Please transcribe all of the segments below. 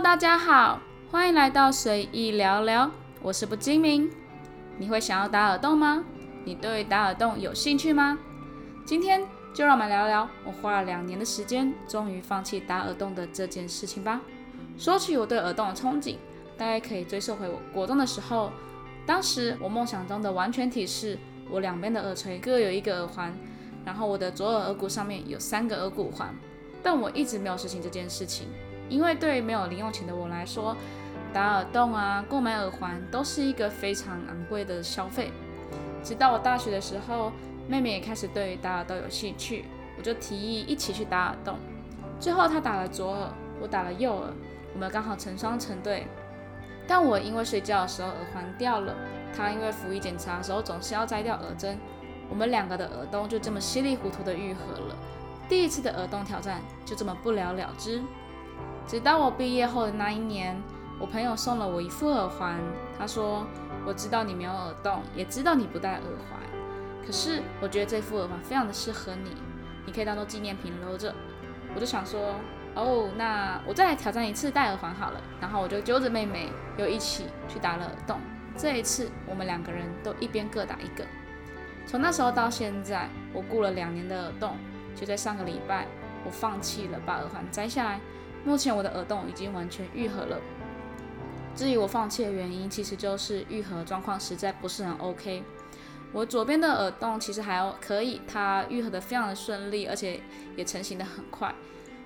大家好，歡迎來到隨意聊聊，我是不精明。你會想要打耳洞嗎？你對打耳洞有興趣嗎？今天就讓我們聊聊我花了兩年的時間，終於放棄打耳洞的這件事情吧。說起我對耳洞的憧憬，大概可以追溯回我國中的時候。當時我夢想中的完全體是我兩邊的耳垂各有一個耳環，然後我的左耳耳骨上面有三個耳骨環，但我一直沒有實行這件事情。因為對於沒有零用錢的我來說，打耳洞啊，購買耳環都是一個非常昂貴的消費。直到我大學的時候，妹妹也開始對於打耳洞有興趣，我就提議一起去打耳洞。最後她打了左耳，我打了右耳，我們剛好成雙成對。但我因為睡覺的時候耳環掉了，她因為複診檢查的時候總是要摘掉耳針，我們兩個的耳洞就這麼稀裡糊塗的癒合了。第一次的耳洞挑戰就這麼不了了之。直到我畢業後的那一年，我朋友送了我一副耳環。他說：“我知道你沒有耳洞，也知道你不戴耳環，可是我覺得這副耳環非常的適合你，你可以當做紀念品留着。”我就想說：“哦，那我再來挑戰一次戴耳環好了。”然後我就揪着妹妹又一起去打了耳洞。這一次我們兩個人都一邊各打一個。從那時候到現在，我顧了兩年的耳洞。就在上個禮拜，我放棄了，把耳環摘下來。目前我的耳洞已經完全癒合了。至於我放棄的原因，其實就是癒合狀況實在不是很 OK。我左邊的耳洞其實還可以，它癒合得非常的順利，而且也成型的很快。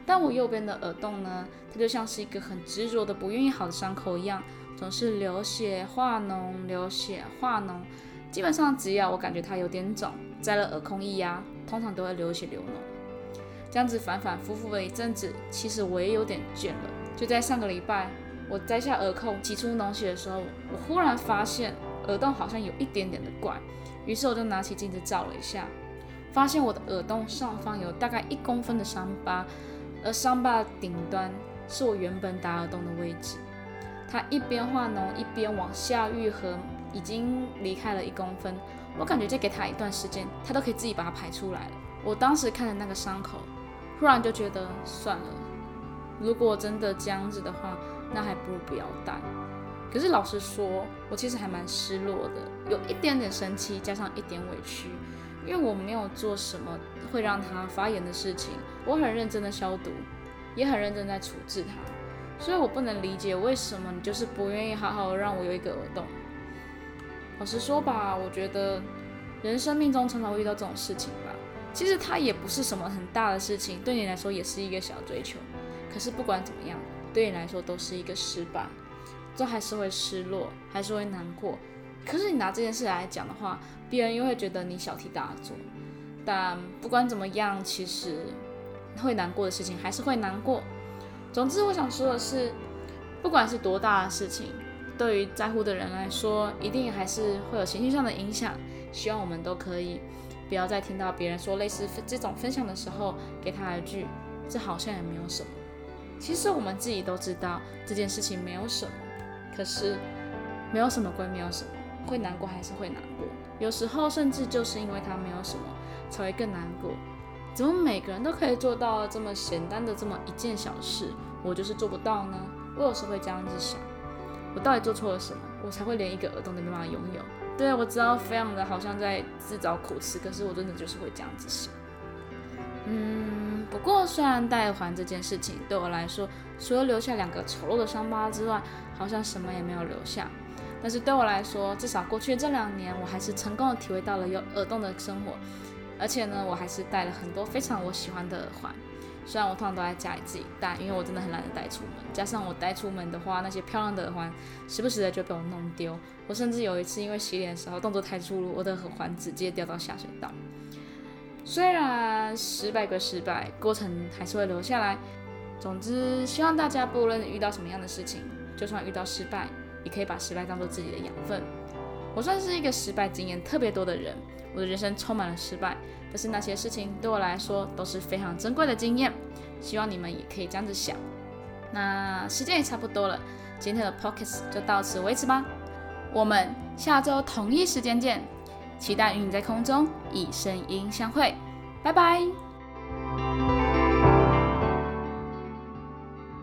但我右邊的耳洞呢，它就像是一個很執着的不願意好的傷口一樣，總是流血化膿，流血化膿。基本上只要、啊、我感覺它有點腫，摘了耳空一壓，通常都會流血流膿。這樣子反反複複了一陣子，其實我也有點倦了。就在上個禮拜，我摘下耳扣擠出膿血的時候，我忽然發現耳洞好像有一點點的怪。於是我就拿起鏡子照了一下，發現我的耳洞上方有大概一公分的傷疤，而傷疤的頂端是我原本打耳洞的位置。它一邊化膿一邊往下癒合，已經離開了一公分。我感覺再給它一段時間，它都可以自己把它排出來了。我當時看的那個傷口。突然就覺得算了。如果真的這樣子的話，那還不如不要戴。可是老實說，我其實還蠻失落的，有一點點生氣，加上一點委屈，因為我沒有做什麼會讓他發炎的事情。我很認真的消毒，也很認真在處置他，所以我不能理解為什麼你就是不願意好好讓我有一個耳洞。老實說吧，我覺得人生命中常常會遇到這種事情吧。其實它也不是什麼很大的事情，對你來說也是一個小追求。可是不管怎麼樣，對你來說都是一個失敗，這還是會失落，還是會難過。可是你拿這件事來講的話，別人又會覺得你小題大做。但不管怎麼樣，其實會難過的事情還是會難過。總之，我想說的是，不管是多大的事情，對於在乎的人來說，一定還是會有情緒上的影響。希望我們都可以，不要再聽到別人說類似這種分享的時候，給他一句“這好像也沒有什麼”。其實我們自己都知道這件事情沒有什麼，可是沒有什麼歸沒有什麼，會難過還是會難過。有時候甚至就是因為他沒有什麼，才會更難過。怎麼每個人都可以做到這麼簡單的這麼一件小事，我就是做不到呢？我有時會這樣子想：我到底做錯了什麼，我才會連一個耳洞都沒辦法擁有？對，我知道非常的好像在自找苦吃，可是我真的就是會這樣子想。嗯，不過雖然戴耳環這件事情對我來說，除了留下兩個醜陋的傷疤之外，好像什麼也沒有留下。但是對我來說，至少過去這兩年，我還是成功的體會到了有耳洞的生活，而且呢，我還是戴了很多非常我喜歡的耳環。雖然我通常都在家裡自己戴，但因為我真的很懶得戴出門。加上我戴出門的話，那些漂亮的耳環，時不時的就被我弄丟。我甚至有一次因為洗臉的時候動作太粗魯，我的耳環直接掉到下水道。雖然失敗歸失敗，過程還是會留下來。總之，希望大家不論遇到什麼樣的事情，就算遇到失敗，也可以把失敗當做自己的養分。我算是一個失敗經驗特別多的人，我的人生充滿了失敗，但是那些事情對我來說都是非常珍貴的經驗。希望你們也可以這樣子想。那時間也差不多了，今天的 podcast 就到此為止吧。我們下周同一時間見，期待與你在空中以聲音相會。拜拜。